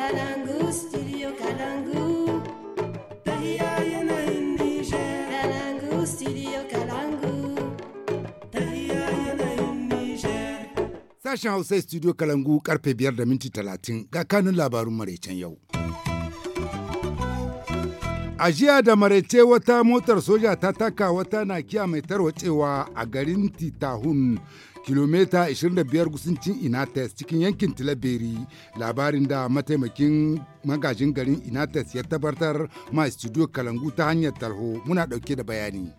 Kalangu, Sashen Hausa studio Kalangu karfe biyar da minti talatin ga kanun labarun maraicen yau. A jiya da maraice wata motar soja ta taka wata nakiya mai tarwacewa a garin Titahun kilomita 25 cin inates cikin yankin tilaberi labarin da mataimakin magajin garin inates ya tabbatar ma studio kalangu ta hanyar tarho muna dauke da bayani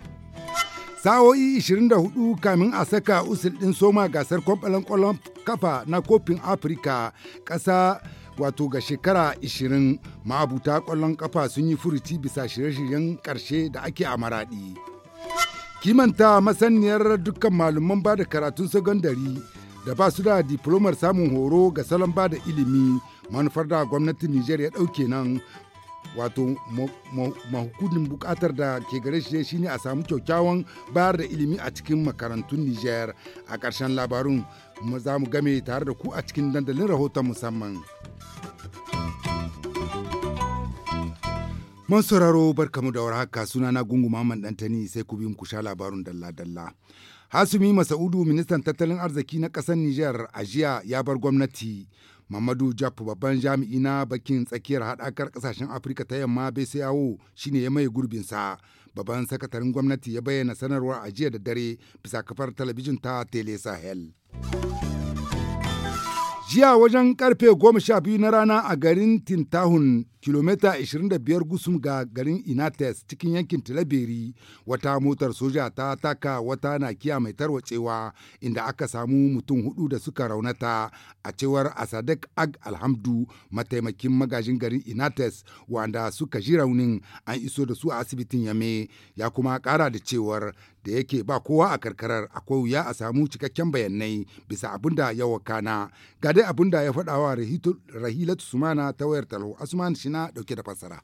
sa'o'i 24 kamin a saka usul din soma gasar kwamfalan kwallon kafa na kofin afirka kasa wato ga shekara 20 ma'abuta kwallon kafa sun yi furuci bisa shirye-shiryen karshe da ake a maraɗi. kimanta masaniyar dukkan malaman ba da karatun sagandari da ba su da diplomar samun horo ga salon ba da ilimi manufar da gwamnatin Nijar ya ɗauke nan wato mahukudin bukatar da ke gare shi shine a samu kyakkyawan bayar da ilimi a cikin makarantun Nijar a karshen labarun za mu game tare da ku a cikin dandalin rahoton musamman. Man sauraro barkamu da warhaka suna na gungu Maman Dantani sai ku bi ku sha labarun dalla-dalla. Hasumi Masaudu ministan tattalin arziki na ƙasar Nijar a jiya ya bar gwamnati. Mamadu Jaf babban jami'i na bakin tsakiyar haɗakar ƙasashen Afirka ta yamma bai yawo shine ya mai sa Babban sakataren gwamnati ya bayyana sanarwar a jiya da dare bisa kafar talabijin ta Tele Sahel. Jiya wajen karfe goma sha biyu na rana a garin Tintahun kilomita 25 gusum ga garin Inates cikin yankin Tilaberi wata motar soja ta taka wata nakiya mai tarwacewa inda aka samu mutum hudu da suka raunata a cewar Asadek Ag Alhamdu mataimakin magajin garin Inates wanda suka ji raunin an iso da su a asibitin Yame ya kuma kara da cewar da yake ba kowa a karkarar akwai wuya a samu cikakken bayanai bisa abin da ya wakana ga dai abin da ya faɗa wa rahilatu sumana ta wayar asman shina dauke da fassara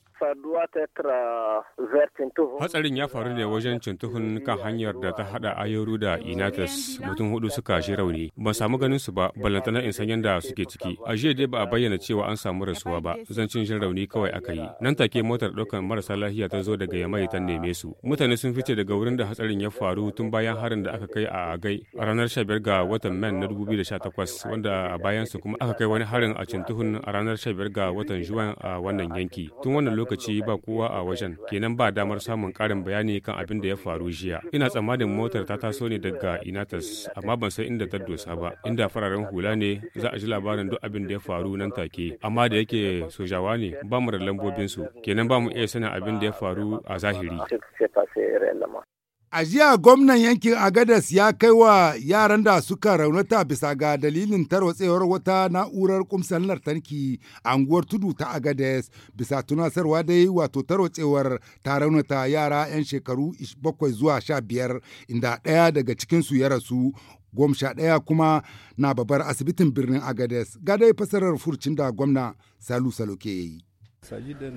hatsarin ya faru ne wajen cintuhun kan hanyar da ta hada ayoru da inatus mutum hudu suka shi rauni ban samu ganin su ba ballantana in san yadda suke ciki a jiya dai ba a bayyana cewa an samu rasuwa ba zancin jin rauni kawai aka yi nan take motar daukan marasa lafiya ta zo daga yamai ta neme su mutane sun fice daga wurin da hatsarin ya ya faru tun bayan harin da aka kai a Agai a ranar 15 ga watan Man na 2018 wanda a su kuma aka kai wani harin a Cintuhun a ranar 15 ga watan Juwan a wannan yanki. Tun wannan lokaci ba kowa a wajen kenan ba damar samun karin bayani kan abin da ya faru jiya. Ina tsammanin motar ta taso ne daga Inatas amma ban san inda ta dosa ba inda fararen hula ne za a ji labarin duk abin da ya faru nan take amma da yake sojawa ne ba mu da lambobinsu kenan ba mu iya sanin abin da ya faru a zahiri. A jiya gwamnan yankin Agadas ya kai wa yaran da suka raunata bisa ga dalilin tarwatsewar wata na'urar kumsan lantarki a anguwar tudu ta Agadas bisa tunasarwa dai wato tarwatsewar ta raunata yara 'yan shekaru 7 zuwa 15 inda ɗaya daga cikinsu ya rasu gom sha ɗaya kuma na babbar asibitin birnin Agades gadai fasarar furcin da gwamna Salu Salo ke yi.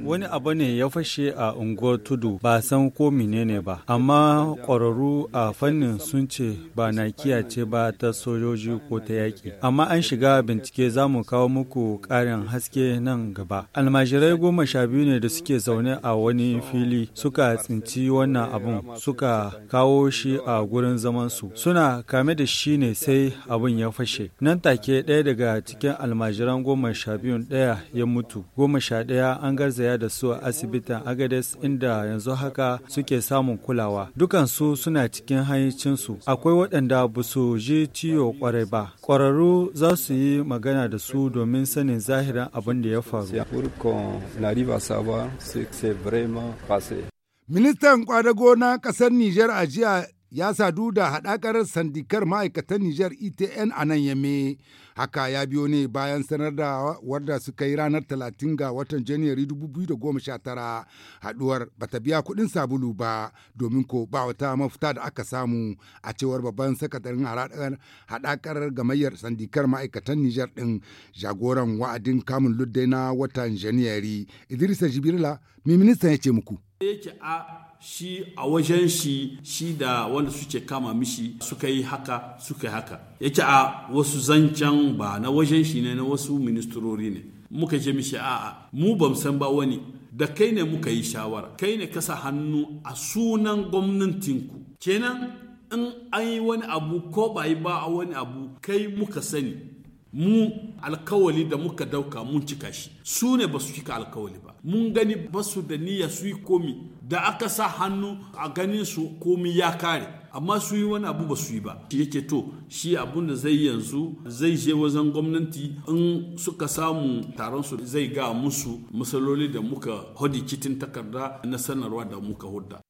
Wani abu ne ya fashe a unguwar tudu ba san ko menene ba, amma ƙwararru a fannin sun ce ba na kiyace ba ta sojoji ko ta yaki. Amma an shiga bincike za mu kawo muku ƙarin haske nan gaba. Almajirai goma sha biyu ne da suke zaune a wani fili suka tsinci wannan abun suka kawo shi a gurin zamansu. Suna kame da shi ne sai abun ya fashe. Nan take ɗaya daga cikin almajiran goma sha biyun ɗaya ya mutu, goma sha ɗaya an garzaya da su a asibitin Agades inda yanzu haka suke samun kulawa. Dukansu suna cikin hanyacinsu. Akwai waɗanda ba su ji ciwo kwarai ba. kwararru za su yi magana da su domin sanin zahirin abin da ya faru. Ministan kwadago na ƙasar niger a jiya ya sadu da haɗakar sandikar ma'aikatan niger ETN a nan Yame. Haka ya biyo ne bayan sanar da wadda suka yi ranar 30 ga watan Janairu 2019 haduwar bata biya kuɗin sabulu ba domin ko ba wata mafita da aka samu a cewar babban sakatarin haɗakar gamayyar sandikar ma'aikatan Nijar ɗin jagoran wa'adin kamun luddai na watan Janairu. Idrisa Jibrila, mai ministan ya ce muku. a shi a wajen shi shi da wanda suke kama mishi suka yi haka suka yi haka yake a wasu zancen ba na wajen shi ne na wasu ministrori ne muka ce mishi a'a mu bam san ba wani da kai ne muka yi shawara kai ne kasa hannu a sunan gwamnatinku kenan in an yi wani abu ko ba yi ba a wani abu kai muka sani mu alkawali da muka dauka mun cika shi su ne ba su cika alkawali ba mun gani ba su da niyya su yi komi da aka sa hannu a ganin su komi ya kare amma su yi wani abu ba su yi ba shi yake to shi abun da zai yanzu zai je wajen gwamnati in suka samu taron su zai ga musu matsaloli da muka hodi kitin takarda na sanarwa da muka hudda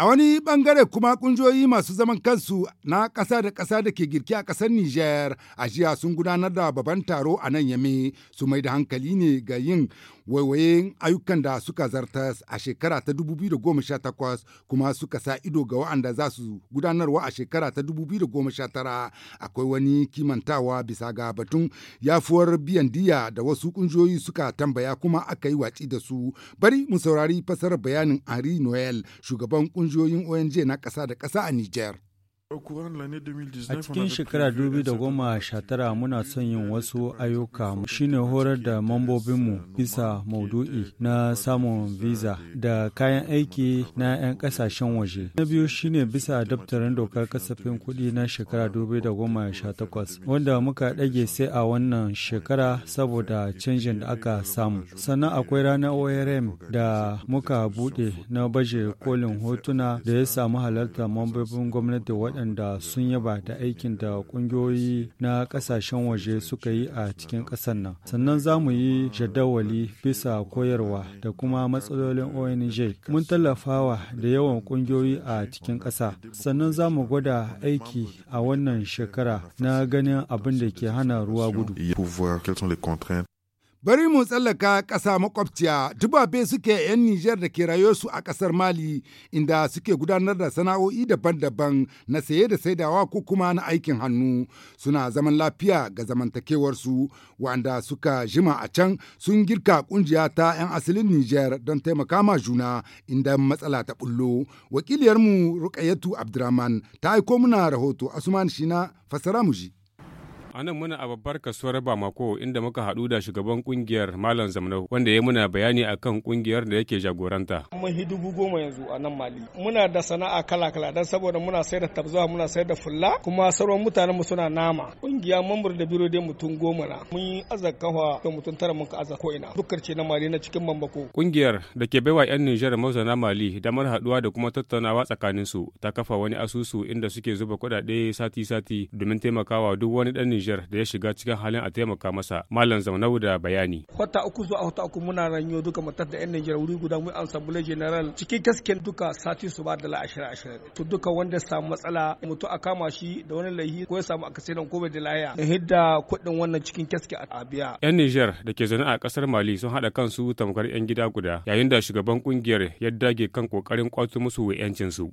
A wani bangare kuma kungiyoyi masu zaman kansu na kasa da ƙasa da ke girki a ƙasar Nijar a jiya sun gudanar da babban taro a nan yame su mai da hankali ne ga yin waiwayen ayyukan da suka zarta a shekara ta 2018 kuma suka sa ido ga wa'anda za su gudanarwa a shekara ta 2019 akwai wani kimantawa bisa ga batun yafuwar biyan diya da wasu kungiyoyi suka tambaya kuma aka yi watsi da su bari mu saurari fasarar bayanin Henri Noel shugaban sojoyin ONG na ƙasa da ƙasa a Nijar. A cikin shekara 2019 muna son yin wasu ayyuka shine horar da mambobinmu bisa maudu'i na samun visa da kayan aiki na 'yan kasashen waje. Na biyu shine bisa daftarin dokar kasafin kuɗi na shekara takwas wanda muka ɗage sai a wannan shekara saboda canjin da aka samu. Sannan akwai ranar ORM da muka buɗe na baje kolin hotuna da ya samu halartar mambobin gwamnati waɗanda sun yaba da aikin da ƙungiyoyi na ƙasashen waje suka yi a cikin ƙasar nan. Sannan za mu yi jadawali bisa koyarwa da kuma matsalolin ONG. Mun tallafawa da yawan ƙungiyoyi a cikin ƙasa. Sannan za mu gwada aiki a wannan shekara na ganin abin da ke hana ruwa gudu. Bari mu tsallaka ƙasa makwabciya, dubabe suke 'yan Nijar da ke su a ƙasar Mali inda suke gudanar da sana'o'i daban-daban na saye da saidawa ko kuma na aikin hannu. Suna zaman lafiya ga zamantakewarsu wanda suka jima a can sun girka ƙungiya ta 'yan asalin Nijar don taimaka ma juna inda matsala ta bullo. Wakiliyarmu Rukayatu Abdurrahman ta aiko muna rahoto Asuman Shina fassara mu ji. A nan muna a babbar kasuwar Bamako inda muka haɗu da shugaban kungiyar Malam Zamnau wanda ya muna bayani a kan kungiyar da yake jagoranta. Mun hi dubu goma yanzu a nan Mali. Muna da sana'a kala-kala dan saboda muna sayar da tabzawa, muna sayar da fulla kuma sauran mutanen mu suna nama. Kungiya mambar da biro dai mutum goma na. Mun yi azakawa da mutum tara mun ka ko ina. Dukkan ce na Mali na cikin Bamako. Kungiyar da ke baiwa 'yan Nijar mazauna Mali damar haɗuwa da kuma tattaunawa tsakaninsu ta kafa wani asusu inda suke zuba kuɗaɗe sati-sati domin taimakawa duk wani ɗan niger da ya shiga cikin halin a taimaka masa Malam Zaunau da bayani. Wata uku zuwa wata uku muna ranyo duka matar da 'yan Niger wuri guda mu Assembly General cikin gasken duka sati su ba dala ashirin ashirin. To duka wanda ya samu matsala mutu a kama shi da wani laihi ko ya samu akasinan ko bai da laya. Da hidda kuɗin wannan cikin kaske a biya. 'Yan niger da ke zaune a kasar Mali sun haɗa kansu tamkar 'yan gida guda yayin da shugaban kungiyar ya dage kan kokarin ƙwato musu yancin su.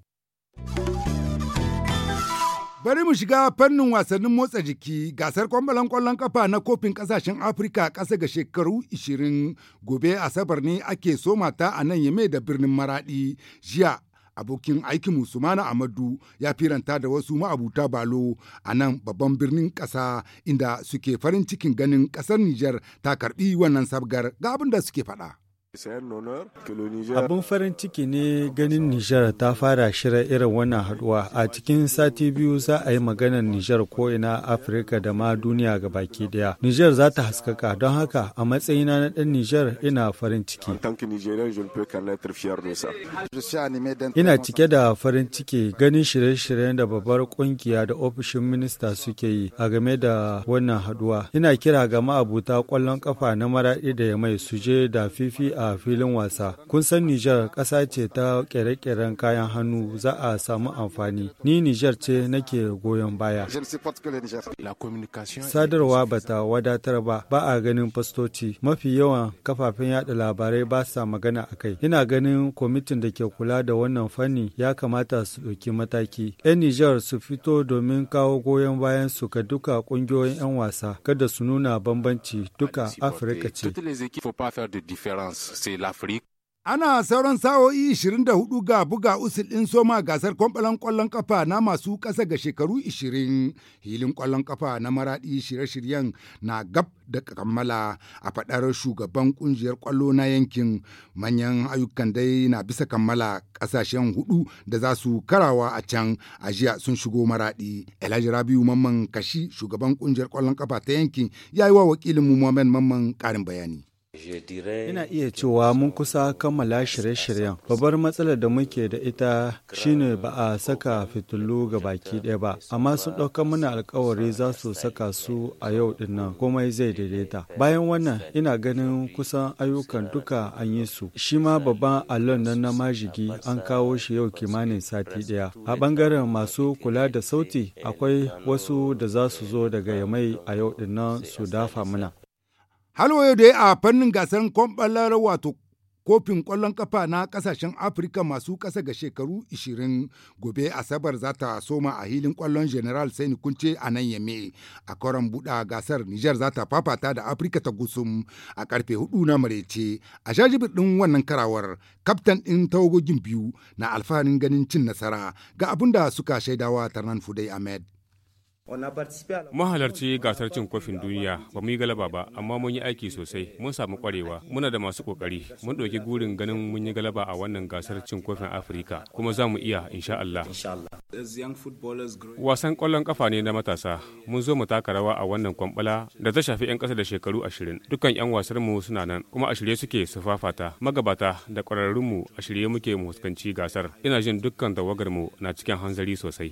Bari mu shiga fannin wasannin motsa jiki gasar kwambalan kwallon kafa na kofin kasashen Afirka ƙasa ga shekaru 20 gobe Asabar ne ake soma ta a nan yame da birnin Maradi jiya abokin aikin musumana Amadu ya firanta da wasu ma'abuta balo a nan babban birnin ƙasa inda suke farin cikin ganin ƙasar Nijar ta karɓi wannan sabgar ga abin da suke faɗa. Abin farin ciki ne ganin Nijar ta fara shirar irin wannan haduwa. A cikin sati biyu za a yi maganar Nijar ko'ina Afirka da ma duniya ga baki daya. Nijar za ta haskaka don haka a matsayina na ɗan Nijar ina farin ciki. Ina cike da farin ciki ganin shirye-shiryen da babbar kungiya da ofishin minista suke yi a game da wannan haduwa. Ina kira ga ma'abuta kwallon kafa na maraɗi da ya mai suje da fifi a a filin wasa. Kun san Nijar ƙasa ce ta kere-keren kayan hannu za a samu amfani. Ni niger ce nake goyon baya. Sadarwa ba ta wadatar ba, ba a ganin fastoci. Mafi yawan kafafen yada labarai ba sa magana a kai. Ina ganin kwamitin da ke kula da wannan fanni ya kamata su ɗauki mataki. 'Yan niger su fito domin kawo goyon bayan su ga duka ƙungiyoyin 'yan wasa, kada su nuna bambanci duka Afirka ce. sai l'Afrique. Ana sauran sa'o'i 24 ga buga usul ɗin soma gasar kwamfalan ƙwallon ƙafa na masu ƙasa ga shekaru 20 hilin ƙwallon ƙafa na maraɗi shirye-shiryen na gab da kammala a faɗar shugaban ƙungiyar ƙwallo na yankin manyan ayyukan dai na bisa kammala kasashen hudu da za su karawa a can ajiya sun shigo maraɗi. Elijah Rabiu Mamman Kashi shugaban ƙungiyar ƙwallon ƙafa ta yankin ya yi wa wakilin mu Mamman ƙarin bayani. Ina iya cewa mun kusa kammala shirye-shiryen. Babbar matsalar da muke da ita shine ba a saka fitilu ga baki ɗaya ba, amma sun ɗaukar mana alkawari za su saka su a yau ɗin komai zai daidaita. Bayan wannan ina ganin kusan ayyukan duka an yi su. Shi ma babban allon nan na majigi an kawo shi yau kimanin sati ɗaya. A ɓangaren masu kula da sauti akwai wasu da za su zo daga yamai a yau ɗin su dafa mana. Har yau dai a fannin gasar kwamɓalar wato kofin ƙwallon kafa na ƙasashen Afirka masu ƙasa ga shekaru 20 gobe Asabar za ta soma a hilin kwallon General Sani Kunce a nan Yame a karon buɗa gasar Nijar za ta fafata da Afirka ta gusum a karfe 4 na marece a shajibir ɗin wannan karawar kaftan ɗin tawagogin biyu na alfaharin ganin cin nasara ga abin da suka shaidawa Tarnan Fudai Ahmed. Mahalarci gasar cin kofin duniya ba mu yi galaba ba amma mun yi aiki sosai mun samu kwarewa muna da masu kokari mun ɗauki gurin ganin mun yi galaba a wannan gasar cin kofin Afirka kuma za mu iya insha Allah. Wasan ƙwallon kafa ne na matasa mun zo mu taka rawa a wannan kwambala da ta shafi 'yan ƙasa da shekaru ashirin dukkan 'yan wasar mu suna nan kuma a shirye suke su fafata magabata da ƙwararrun mu a shirye muke mu fuskanci gasar ina jin dukkan tawagar mu na cikin hanzari sosai.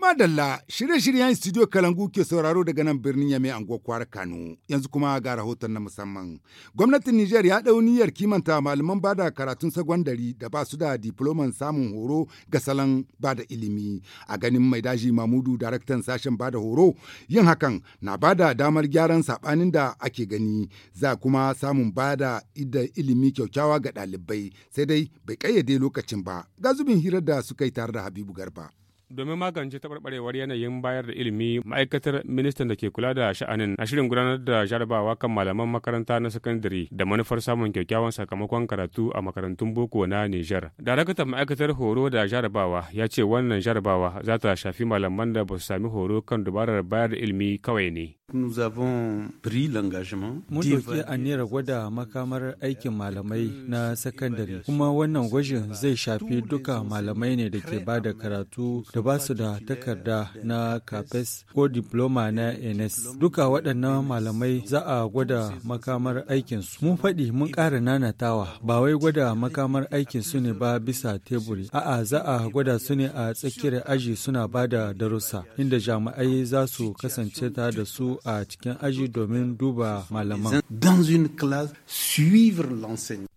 Madalla shirye-shiryen studio Kalangu ke sauraro daga nan birnin Yame a kwara Kano yanzu kuma ga rahoton na musamman. Gwamnatin Nijar ya dau niyyar kimanta malaman bada karatun sagwandari da ba su da diploman samun horo ga salon bada ilimi. A ganin mai daji Mamudu daraktan sashen bada horo yin hakan na bada damar gyaran saɓanin da ake gani za kuma samun bada idan ilimi kyaukyawa ga ɗalibai sai dai bai ƙayyade lokacin ba ga zubin hirar da suka yi tare da Habibu Garba. domin magance taɓarɓarewar yanayin bayar da ilimi ma'aikatar ministan da ke kula da sha'anin na shirin gudanar da jarabawa kan malaman makaranta na sakandare da manufar samun kyakkyawan sakamakon karatu a makarantun boko na nijar daraktan ma'aikatar horo da jarabawa ya ce wannan jarabawa za ta shafi malaman da ba su sami horo kan dubarar bayar da ilimi kawai ne Nous avons pris l'engagement. Mun ɗauki aniyar gwada makamar aikin malamai na sakandare, kuma wannan gwajin zai shafi duka malamai ne da ke ba da karatu da ba su da takarda na CAPES ko diploma na ENS. Duka waɗannan malamai za a gwada makamar aikinsu. Mun faɗi mun ƙara nanatawa, ba wai gwada makamar aikin su ne ba bisa teburi, a'a za a gwada su ne a tsakiyar aji suna ba da darussa, inda jami'ai za su kasance ta da su a cikin aji domin duba malaman.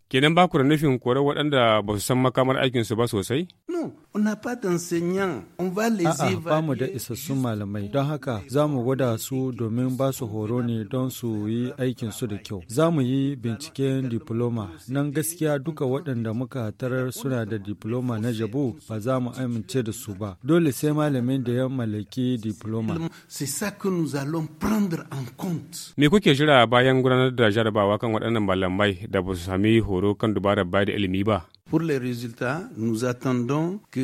Kenan ba ku da nufin kore waɗanda ba su san makamar aikinsu ba sosai? No. una n'a pas d'enseignants, A'a, ba mu da isassun malamai, don haka za mu gwada su domin ba su horo ne don su yi aikin su da kyau. Za mu yi binciken diploma, nan gaskiya duka waɗanda muka tarar suna da diploma na jabu ba za mu amince da su ba. Dole sai malamin da ya mallaki diploma. Me kuke jira bayan gudanar da jarabawa kan waɗannan malamai da ba su sami horo kan dubarar ba da ilimi ba? Pour les résultats, nous attendons que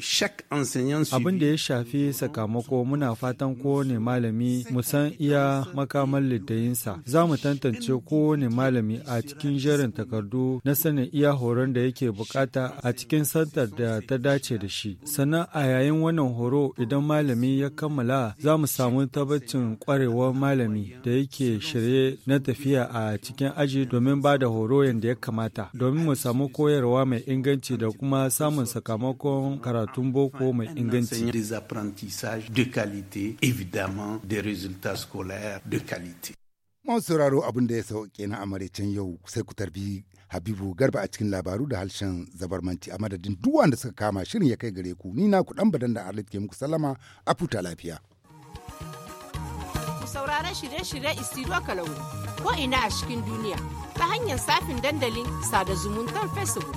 shak abin da ya shafi sakamako muna fatan kowane malami mu san iya makaman littayinsa za mu tantance kowane malami a cikin jerin takardu na sanin iya horon da yake bukata a cikin santar da ta dace da shi sannan a yayin wannan horo idan malami ya kammala za mu samu tabbacin kwarewar malami da yake shirye na tafiya a cikin aji domin ba da horo yadda ya kamata domin mu samu koyarwa mai inganci da kuma samun sakamako sakamakon karatun boko mai inganci. Des apprentissages de qualité, évidemment des résultats scolaires de qualité. Mun sauraro abin da ya sauke na amarecen yau sai ku tarbi Habibu Garba a cikin labaru da harshen zabarmanci a madadin duk wanda suka kama shirin ya kai gare ku ni na ku dan badan da Arlit ke muku sallama a futa lafiya. Ku shirye-shirye Istiro Kalangu ko ina a cikin duniya ta hanyar safin dandalin sada zumuntar Facebook.